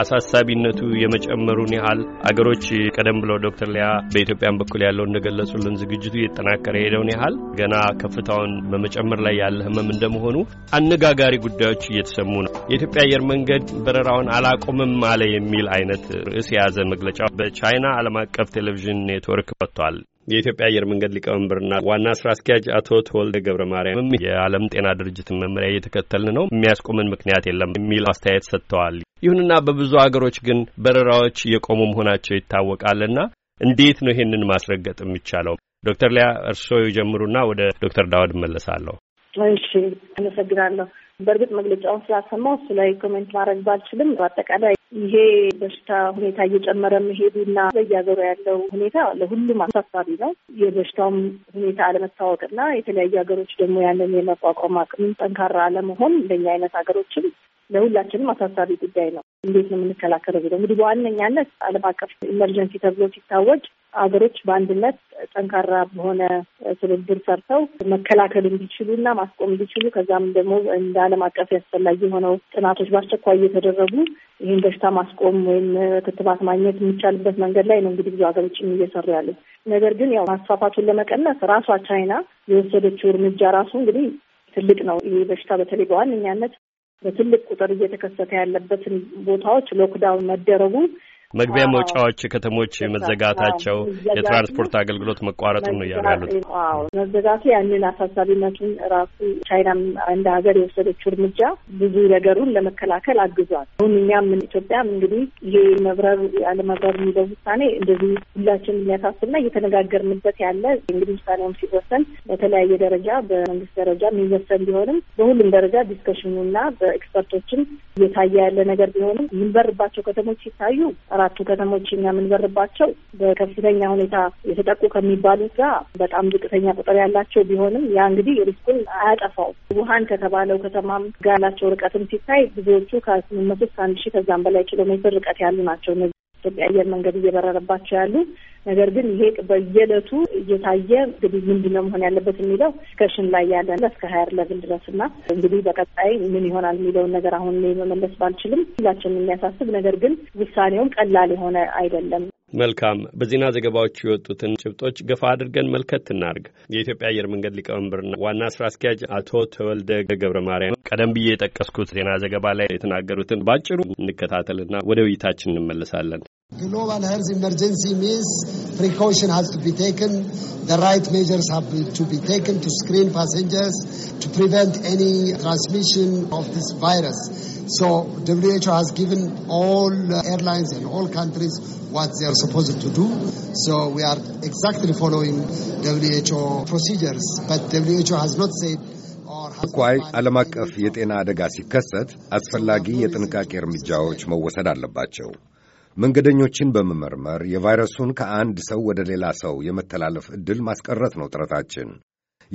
አሳሳቢነቱ የመጨመሩን ያህል አገሮች ቀደም ብለው ዶክተር ሊያ በኢትዮጵያን በኩል ያለው እንደገለጹልን ዝግጅቱ እየጠናከረ ሄደውን ያህል ገና ከፍታውን በመጨመር ላይ ያለ ህመም እንደመሆኑ አነጋጋሪ ጉዳዮች እየተሰሙ ነው። የኢትዮጵያ አየር መንገድ በረራውን አላቆምም አለ የሚል አይነት ርዕስ የያዘ መግለጫ በቻይና ዓለም አቀፍ ቴሌቪዥን ኔትወርክ ወጥቷል። የኢትዮጵያ አየር መንገድ ሊቀመንበርና ዋና ስራ አስኪያጅ አቶ ተወልደ ገብረ ማርያምም የዓለም ጤና ድርጅትን መመሪያ እየተከተልን ነው፣ የሚያስቆመን ምክንያት የለም የሚል አስተያየት ሰጥተዋል። ይሁንና በብዙ አገሮች ግን በረራዎች የቆሙ መሆናቸው ይታወቃልና እንዴት ነው ይሄንን ማስረገጥ የሚቻለው? ዶክተር ሊያ እርስዎ ይጀምሩና ወደ ዶክተር ዳውድ እመለሳለሁ። እሺ፣ አመሰግናለሁ። በእርግጥ መግለጫውን ስላሰማው እሱ ላይ ኮሜንት ማድረግ ባልችልም በአጠቃላይ ይሄ በሽታ ሁኔታ እየጨመረ መሄዱና በየሀገሩ ያለው ሁኔታ ለሁሉም አሳሳቢ ነው። የበሽታውም ሁኔታ አለመታወቅና የተለያዩ ሀገሮች ደግሞ ያንን የመቋቋም አቅም ጠንካራ አለመሆን ለእኛ አይነት ሀገሮችም ለሁላችንም አሳሳቢ ጉዳይ ነው። እንዴት ነው የምንከላከለው ብለው እንግዲህ በዋነኛነት ዓለም አቀፍ ኢመርጀንሲ ተብሎ ሲታወጅ አገሮች በአንድነት ጠንካራ በሆነ ትብብር ሰርተው መከላከል እንዲችሉ እና ማስቆም እንዲችሉ ከዛም ደግሞ እንደ ዓለም አቀፍ ያስፈላጊ የሆነው ጥናቶች በአስቸኳይ እየተደረጉ ይህን በሽታ ማስቆም ወይም ክትባት ማግኘት የሚቻልበት መንገድ ላይ ነው እንግዲህ ብዙ ሀገሮች እየሰሩ ያሉት። ነገር ግን ያው ማስፋፋቱን ለመቀነስ ራሷ ቻይና የወሰደችው እርምጃ ራሱ እንግዲህ ትልቅ ነው። ይህ በሽታ በተለይ በዋነኛነት በትልቅ ቁጥር እየተከሰተ ያለበትን ቦታዎች ሎክዳውን መደረጉ መግቢያ መውጫዎች ከተሞች መዘጋታቸው፣ የትራንስፖርት አገልግሎት መቋረጡን ነው እያሉ ያሉት። መዘጋቱ ያንን አሳሳቢነቱን ራሱ ቻይና እንደ ሀገር የወሰደችው እርምጃ ብዙ ነገሩን ለመከላከል አግዟል። አሁን እኛም ኢትዮጵያም እንግዲህ ይሄ መብረር ያለመብረር የሚለው ውሳኔ እንደዚህ ሁላችን የሚያሳስብና እየተነጋገርንበት ያለ እንግዲህ ውሳኔውም ሲወሰን በተለያየ ደረጃ በመንግስት ደረጃ የሚወሰን ቢሆንም በሁሉም ደረጃ ዲስከሽኑና በኤክስፐርቶችም እየታየ ያለ ነገር ቢሆንም የሚበርባቸው ከተሞች ሲታዩ አራቱ ከተሞች የምንበርባቸው በከፍተኛ ሁኔታ የተጠቁ ከሚባሉት ጋር በጣም ዝቅተኛ ቁጥር ያላቸው ቢሆንም ያ እንግዲህ ሪስኩን አያጠፋው። ውሀን ከተባለው ከተማም ጋር ያላቸው ርቀትም ሲታይ ብዙዎቹ ከስምንት መቶ እስከ አንድ ሺህ ከዛም በላይ ኪሎ ሜትር ርቀት ያሉ ናቸው። እነዚህ ኢትዮጵያ አየር መንገድ እየበረረባቸው ያሉ ነገር ግን ይሄ በየዕለቱ እየታየ እንግዲህ ነው መሆን ያለበት የሚለው ዲስከሽን ላይ ያለ እስከ ሀያር ለብል ድረስ እና እንግዲህ በቀጣይ ምን ይሆናል የሚለውን ነገር አሁን መመለስ ባልችልም ሁላችን የሚያሳስብ ነገር ግን ውሳኔውም ቀላል የሆነ አይደለም። መልካም በዜና ዘገባዎቹ የወጡትን ጭብጦች ገፋ አድርገን መልከት እናርግ። የኢትዮጵያ አየር መንገድ ሊቀመንበርና ዋና ስራ አስኪያጅ አቶ ተወልደ ገብረ ማርያም ቀደም ብዬ የጠቀስኩት ዜና ዘገባ ላይ የተናገሩትን በአጭሩ እንከታተልና ወደ ውይይታችን እንመለሳለን። Global health emergency means precaution has to be taken. The right measures have to be taken to screen passengers to prevent any transmission of this virus. So WHO has given all uh, airlines and all countries what they are supposed to do. So we are exactly following WHO procedures, but WHO has not said ቋይ ዓለም አቀፍ የጤና አደጋ ሲከሰት አስፈላጊ የጥንቃቄ እርምጃዎች መወሰድ አለባቸው። መንገደኞችን በመመርመር የቫይረሱን ከአንድ ሰው ወደ ሌላ ሰው የመተላለፍ ዕድል ማስቀረት ነው ጥረታችን።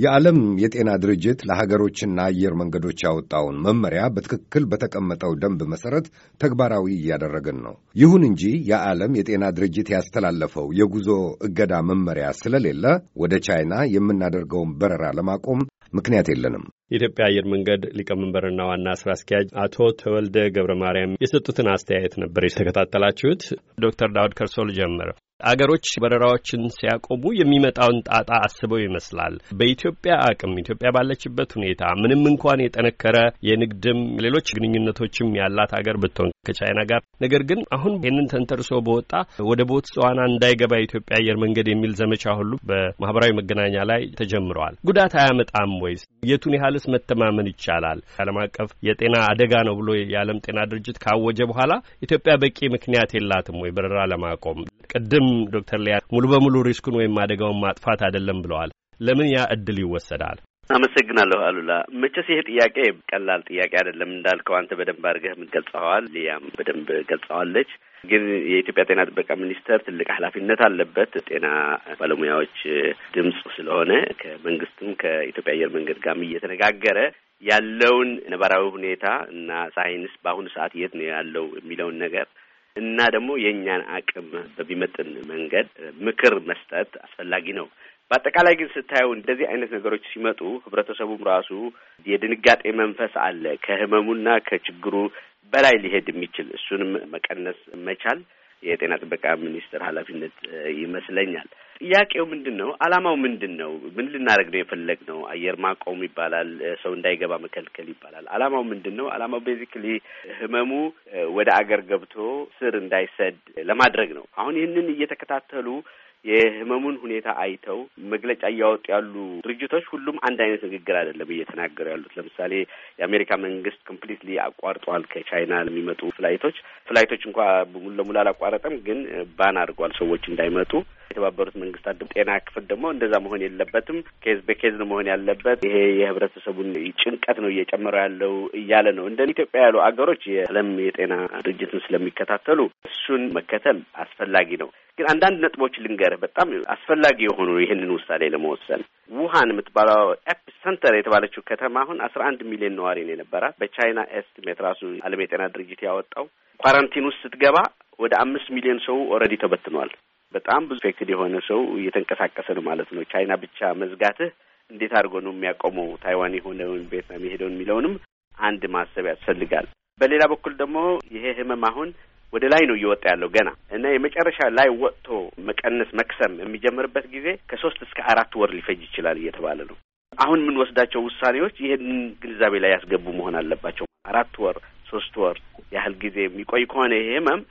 የዓለም የጤና ድርጅት ለሀገሮችና አየር መንገዶች ያወጣውን መመሪያ በትክክል በተቀመጠው ደንብ መሠረት ተግባራዊ እያደረግን ነው። ይሁን እንጂ የዓለም የጤና ድርጅት ያስተላለፈው የጉዞ እገዳ መመሪያ ስለሌለ ወደ ቻይና የምናደርገውን በረራ ለማቆም ምክንያት የለንም። የኢትዮጵያ አየር መንገድ ሊቀመንበርና ዋና ስራ አስኪያጅ አቶ ተወልደ ገብረ ማርያም የሰጡትን አስተያየት ነበር የተከታተላችሁት። ዶክተር ዳውድ ከርሶ ልጀምር። አገሮች በረራዎችን ሲያቆሙ የሚመጣውን ጣጣ አስበው ይመስላል። በኢትዮጵያ አቅም ኢትዮጵያ ባለችበት ሁኔታ ምንም እንኳን የጠነከረ የንግድም ሌሎች ግንኙነቶችም ያላት አገር ብትሆን ከቻይና ጋር ነገር ግን አሁን ይህንን ተንተርሶ በወጣ ወደ ቦትስዋና እንዳይገባ የኢትዮጵያ አየር መንገድ የሚል ዘመቻ ሁሉ በማህበራዊ መገናኛ ላይ ተጀምረዋል። ጉዳት አያመጣም ወይስ? የቱን ያህልስ መተማመን ይቻላል? ዓለም አቀፍ የጤና አደጋ ነው ብሎ የዓለም ጤና ድርጅት ካወጀ በኋላ ኢትዮጵያ በቂ ምክንያት የላትም ወይ በረራ ለማቆም ቅድም ዶክተር ሊያ ሙሉ በሙሉ ሪስኩን ወይም አደጋውን ማጥፋት አይደለም ብለዋል። ለምን ያ እድል ይወሰዳል? አመሰግናለሁ አሉላ። መቼስ ይሄ ጥያቄ ቀላል ጥያቄ አይደለም። እንዳልከው አንተ በደንብ አድርገህ ገልጸዋል፣ ሊያም በደንብ ገልጸዋለች። ግን የኢትዮጵያ ጤና ጥበቃ ሚኒስቴር ትልቅ ኃላፊነት አለበት። ጤና ባለሙያዎች ድምፅ ስለሆነ ከመንግስትም ከኢትዮጵያ አየር መንገድ ጋርም እየተነጋገረ ያለውን ነባራዊ ሁኔታ እና ሳይንስ በአሁኑ ሰዓት የት ነው ያለው የሚለውን ነገር እና ደግሞ የእኛን አቅም በሚመጥን መንገድ ምክር መስጠት አስፈላጊ ነው። በአጠቃላይ ግን ስታየው እንደዚህ አይነት ነገሮች ሲመጡ ህብረተሰቡም ራሱ የድንጋጤ መንፈስ አለ። ከህመሙና ከችግሩ በላይ ሊሄድ የሚችል እሱንም መቀነስ መቻል የጤና ጥበቃ ሚኒስቴር ኃላፊነት ይመስለኛል። ጥያቄው ምንድን ነው? አላማው ምንድን ነው? ምን ልናደርግ ነው የፈለግ ነው? አየር ማቆም ይባላል፣ ሰው እንዳይገባ መከልከል ይባላል። አላማው ምንድን ነው? አላማው ቤዚክሊ ህመሙ ወደ አገር ገብቶ ስር እንዳይሰድ ለማድረግ ነው። አሁን ይህንን እየተከታተሉ የህመሙን ሁኔታ አይተው መግለጫ እያወጡ ያሉ ድርጅቶች ሁሉም አንድ አይነት ንግግር አይደለም እየተናገሩ ያሉት። ለምሳሌ የአሜሪካ መንግስት ኮምፕሊትሊ አቋርጧል። ከቻይና ለሚመጡ ፍላይቶች ፍላይቶች እንኳ ሙሉ ለሙሉ አላቋረጠም፣ ግን ባን አድርጓል ሰዎች እንዳይመጡ የተባበሩት መንግስታት ጤና ክፍል ደግሞ እንደዛ መሆን የለበትም፣ ኬዝ በኬዝ ነው መሆን ያለበት፣ ይሄ የህብረተሰቡን ጭንቀት ነው እየጨመረ ያለው እያለ ነው። እንደ ኢትዮጵያ ያሉ አገሮች የዓለም የጤና ድርጅትን ስለሚከታተሉ እሱን መከተል አስፈላጊ ነው። ግን አንዳንድ ነጥቦች ልንገርህ፣ በጣም አስፈላጊ የሆኑ ይህንን ውሳኔ ለመወሰን ውሃን የምትባለው ሰንተር የተባለችው ከተማ አሁን አስራ አንድ ሚሊዮን ነዋሪ ነው የነበራት። በቻይና ኤስቲሜት ራሱ ዓለም የጤና ድርጅት ያወጣው ኳራንቲን ውስጥ ስትገባ ወደ አምስት ሚሊዮን ሰው ኦልሬዲ ተበትኗል። በጣም ብዙ ፌክድ የሆነ ሰው እየተንቀሳቀሰ ነው ማለት ነው። ቻይና ብቻ መዝጋትህ እንዴት አድርጎ ነው የሚያቆመው ታይዋን የሆነውን ቪየትናም የሄደውን የሚለውንም አንድ ማሰብ ያስፈልጋል። በሌላ በኩል ደግሞ ይሄ ህመም አሁን ወደ ላይ ነው እየወጣ ያለው ገና እና የመጨረሻ ላይ ወጥቶ መቀነስ መክሰም የሚጀምርበት ጊዜ ከሶስት እስከ አራት ወር ሊፈጅ ይችላል እየተባለ ነው። አሁን የምንወስዳቸው ውሳኔዎች ይህንን ግንዛቤ ላይ ያስገቡ መሆን አለባቸው። አራት ወር ሶስት ወር ያህል ጊዜ የሚቆይ ከሆነ ይሄ ህመም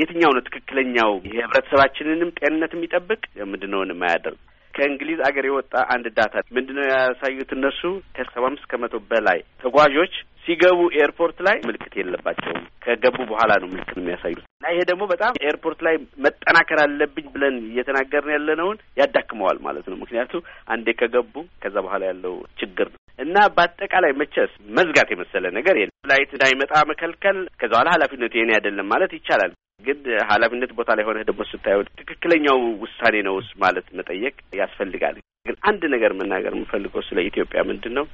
የትኛው ነው ትክክለኛው የህብረተሰባችንንም ጤንነት የሚጠብቅ ምንድነውን የማያደርግ ከእንግሊዝ አገር የወጣ አንድ ዳታ ምንድነው ያሳዩት? እነሱ ከሰባ አምስት ከመቶ በላይ ተጓዦች ሲገቡ ኤርፖርት ላይ ምልክት የለባቸውም። ከገቡ በኋላ ነው ምልክት የሚያሳዩት። እና ይሄ ደግሞ በጣም ኤርፖርት ላይ መጠናከር አለብኝ ብለን እየተናገርን ያለነውን ያዳክመዋል ማለት ነው። ምክንያቱ አንዴ ከገቡ ከዛ በኋላ ያለው ችግር ነው። እና በአጠቃላይ መቸስ መዝጋት የመሰለ ነገር የለም። ፍላይት እንዳይመጣ መከልከል፣ ከዛ በኋላ ኃላፊነቱ የኔ አይደለም ማለት ይቻላል። ግን ኃላፊነት ቦታ ላይ ሆነህ ደግሞ ስታየው ትክክለኛው ውሳኔ ነው ማለት መጠየቅ ያስፈልጋል። ግን አንድ ነገር መናገር የምፈልገው ስለ ኢትዮጵያ ምንድን ነው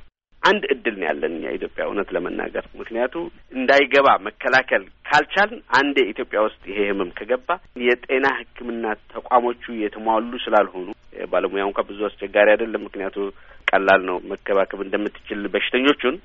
አንድ እድል ነው ያለን እኛ ኢትዮጵያ እውነት ለመናገር ምክንያቱ እንዳይገባ መከላከል ካልቻልን አንዴ ኢትዮጵያ ውስጥ ይሄ ህመም ከገባ የጤና ሕክምና ተቋሞቹ የተሟሉ ስላልሆኑ ባለሙያ እንኳ ብዙ አስቸጋሪ አይደለም። ምክንያቱ ቀላል ነው መከባከብ እንደምትችል በሽተኞቹን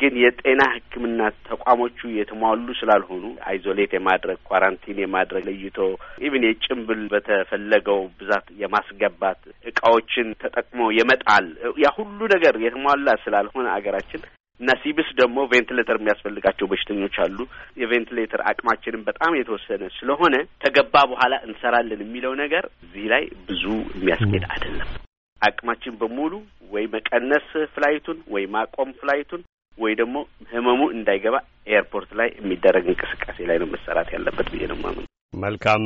ግን የጤና ሕክምና ተቋሞቹ የተሟሉ ስላልሆኑ አይዞሌት የማድረግ ኳራንቲን የማድረግ ለይቶ ኢቭን የጭንብል በተፈለገው ብዛት የማስገባት እቃዎችን ተጠቅሞ የመጣል ያ ሁሉ ነገር የተሟላ ስላልሆነ አገራችን እና ሲብስ ደግሞ ቬንትሌተር የሚያስፈልጋቸው በሽተኞች አሉ። የቬንትሌተር አቅማችንም በጣም የተወሰነ ስለሆነ ከገባ በኋላ እንሰራለን የሚለው ነገር እዚህ ላይ ብዙ የሚያስኬድ አይደለም። አቅማችን በሙሉ ወይ መቀነስ ፍላይቱን ወይ ማቆም ፍላይቱን ወይ ደግሞ ህመሙ እንዳይገባ ኤርፖርት ላይ የሚደረግ እንቅስቃሴ ላይ ነው መሰራት ያለበት ብዬ ነው ማምን። መልካም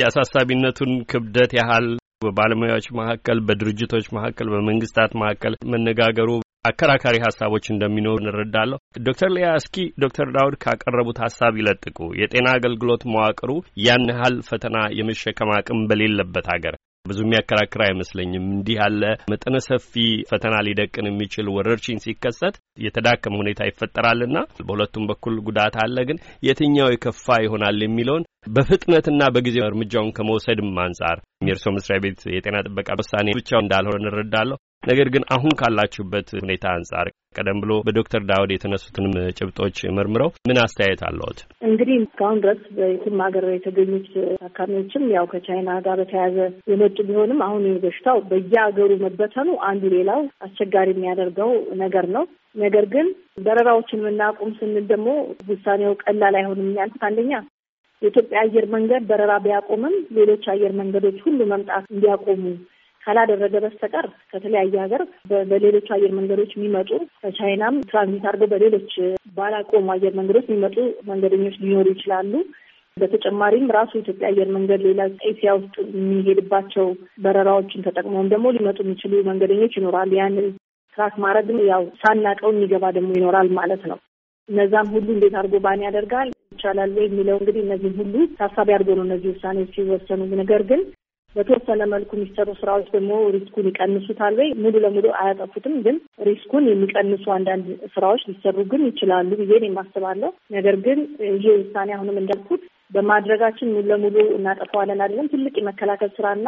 የአሳሳቢነቱን ክብደት ያህል በባለሙያዎች መካከል፣ በድርጅቶች መካከል፣ በመንግስታት መካከል መነጋገሩ አከራካሪ ሀሳቦች እንደሚኖሩ እንረዳለሁ። ዶክተር ሊያ እስኪ ዶክተር ዳውድ ካቀረቡት ሀሳብ ይለጥቁ። የጤና አገልግሎት መዋቅሩ ያን ያህል ፈተና የመሸከም አቅም በሌለበት ሀገር ብዙ የሚያከራክር አይመስለኝም። እንዲህ ያለ መጠነ ሰፊ ፈተና ሊደቅን የሚችል ወረርሽኝ ሲከሰት የተዳከመ ሁኔታ ይፈጠራልና በሁለቱም በኩል ጉዳት አለ። ግን የትኛው የከፋ ይሆናል የሚለውን በፍጥነትና በጊዜ እርምጃውን ከመውሰድም አንጻር የእርስዎ መስሪያ ቤት የጤና ጥበቃ ውሳኔ ብቻ እንዳልሆነ እንረዳለሁ። ነገር ግን አሁን ካላችሁበት ሁኔታ አንጻር ቀደም ብሎ በዶክተር ዳውድ የተነሱትንም ጭብጦች መርምረው ምን አስተያየት አለዎት? እንግዲህ እስካሁን ድረስ በየትም ሀገር የተገኙት ታካሚዎችም ያው ከቻይና ጋር በተያያዘ የመጡ ቢሆንም አሁን በሽታው በየሀገሩ መበተኑ አንዱ ሌላው አስቸጋሪ የሚያደርገው ነገር ነው። ነገር ግን በረራዎችን የምናቁም ስንል ደግሞ ውሳኔው ቀላል አይሆንም ያልኩት አንደኛ የኢትዮጵያ አየር መንገድ በረራ ቢያቆምም ሌሎች አየር መንገዶች ሁሉ መምጣት እንዲያቆሙ ካላደረገ በስተቀር ከተለያየ ሀገር በሌሎች አየር መንገዶች የሚመጡ ከቻይናም ትራንዚት አድርገው በሌሎች ባላቆሙ አየር መንገዶች የሚመጡ መንገደኞች ሊኖሩ ይችላሉ። በተጨማሪም ራሱ ኢትዮጵያ አየር መንገድ ሌላ ኤሲያ ውስጥ የሚሄድባቸው በረራዎችን ተጠቅመውም ደግሞ ሊመጡ የሚችሉ መንገደኞች ይኖራል። ያንን ትራክ ማድረግ ያው ሳናቀው የሚገባ ደግሞ ይኖራል ማለት ነው። እነዛም ሁሉ እንዴት አድርጎ ባን ያደርጋል ይቻላል ወይ የሚለው እንግዲህ እነዚህም ሁሉ ታሳቢ አድርጎ ነው እነዚህ ውሳኔዎች ሲወሰኑ። ነገር ግን በተወሰነ መልኩ የሚሰሩ ስራዎች ደግሞ ሪስኩን ይቀንሱታል ወይ ሙሉ ለሙሉ አያጠፉትም፣ ግን ሪስኩን የሚቀንሱ አንዳንድ ስራዎች ሊሰሩ ግን ይችላሉ ብዬ አስባለሁ ነገር ግን ይሄ ውሳኔ አሁንም እንዳልኩት በማድረጋችን ሙሉ ለሙሉ እናጠፋዋለን አይደለም። ትልቅ የመከላከል ስራና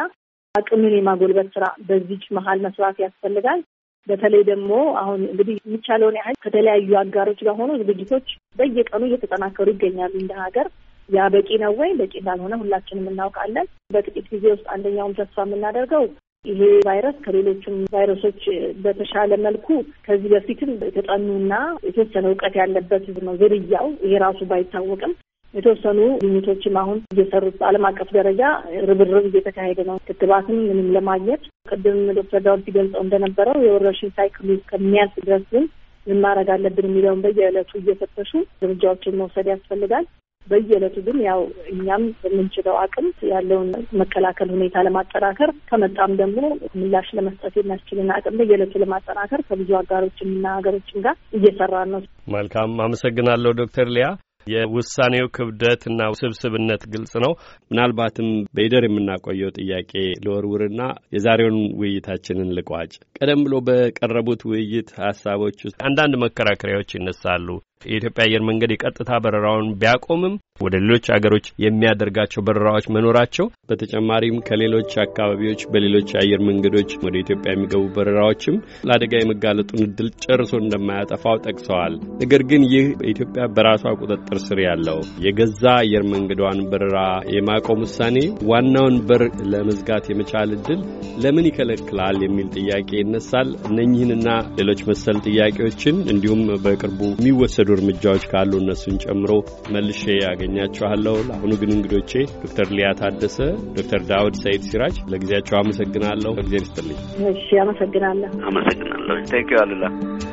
አቅምን የማጎልበት ስራ በዚች መሀል መስራት ያስፈልጋል። በተለይ ደግሞ አሁን እንግዲህ የሚቻለውን ያህል ከተለያዩ አጋሮች ጋር ሆኖ ዝግጅቶች በየቀኑ እየተጠናከሩ ይገኛሉ እንደ ሀገር። ያ በቂ ነው ወይ? በቂ እንዳልሆነ ሁላችንም እናውቃለን። በጥቂት ጊዜ ውስጥ አንደኛውም ተስፋ የምናደርገው ይሄ ቫይረስ ከሌሎችም ቫይረሶች በተሻለ መልኩ ከዚህ በፊትም የተጠኑና የተወሰነ እውቀት ያለበት ነው ዝርያው። ይሄ ራሱ ባይታወቅም የተወሰኑ ግኝቶችም አሁን እየሰሩት በዓለም አቀፍ ደረጃ ርብርብ እየተካሄደ ነው። ክትባትም ምንም ለማግኘት ቅድም ዶክተር ዳውድ ሲገልጸው እንደነበረው የወረርሽኝ ሳይክሉ ከሚያልፍ ድረስ ግን ምን ማድረግ አለብን የሚለውን በየዕለቱ እየፈተሹ እርምጃዎችን መውሰድ ያስፈልጋል። በየዕለቱ ግን ያው እኛም በምንችለው አቅም ያለውን መከላከል ሁኔታ ለማጠናከር ከመጣም ደግሞ ምላሽ ለመስጠት የሚያስችልን አቅም በየዕለቱ ለማጠናከር ከብዙ አጋሮችንና ሀገሮችን ጋር እየሰራ ነው። መልካም አመሰግናለሁ ዶክተር ሊያ። የውሳኔው ክብደትና ውስብስብነት ግልጽ ነው። ምናልባትም በይደር የምናቆየው ጥያቄ ልወርውርና የዛሬውን ውይይታችንን ልቋጭ። ቀደም ብሎ በቀረቡት ውይይት ሀሳቦች ውስጥ አንዳንድ መከራከሪያዎች ይነሳሉ። የኢትዮጵያ አየር መንገድ የቀጥታ በረራውን ቢያቆምም ወደ ሌሎች አገሮች የሚያደርጋቸው በረራዎች መኖራቸው፣ በተጨማሪም ከሌሎች አካባቢዎች በሌሎች አየር መንገዶች ወደ ኢትዮጵያ የሚገቡ በረራዎችም ለአደጋ የመጋለጡን እድል ጨርሶ እንደማያጠፋው ጠቅሰዋል። ነገር ግን ይህ በኢትዮጵያ በራሷ ቁጥጥር ስር ያለው የገዛ አየር መንገዷን በረራ የማቆም ውሳኔ ዋናውን በር ለመዝጋት የመቻል እድል ለምን ይከለክላል የሚል ጥያቄ ይነሳል። እነኚህንና ሌሎች መሰል ጥያቄዎችን እንዲሁም በቅርቡ የሚወሰዱ እርምጃዎች ካሉ እነሱን ጨምሮ መልሼ ያገኛችኋለሁ። ለአሁኑ ግን እንግዶቼ ዶክተር ሊያ ታደሰ፣ ዶክተር ዳውድ ሰይድ ሲራጅ ለጊዜያቸው አመሰግናለሁ። እግዜር ይስጥልኝ። እሺ፣ አመሰግናለሁ። አመሰግናለሁ። ዩ አሉላ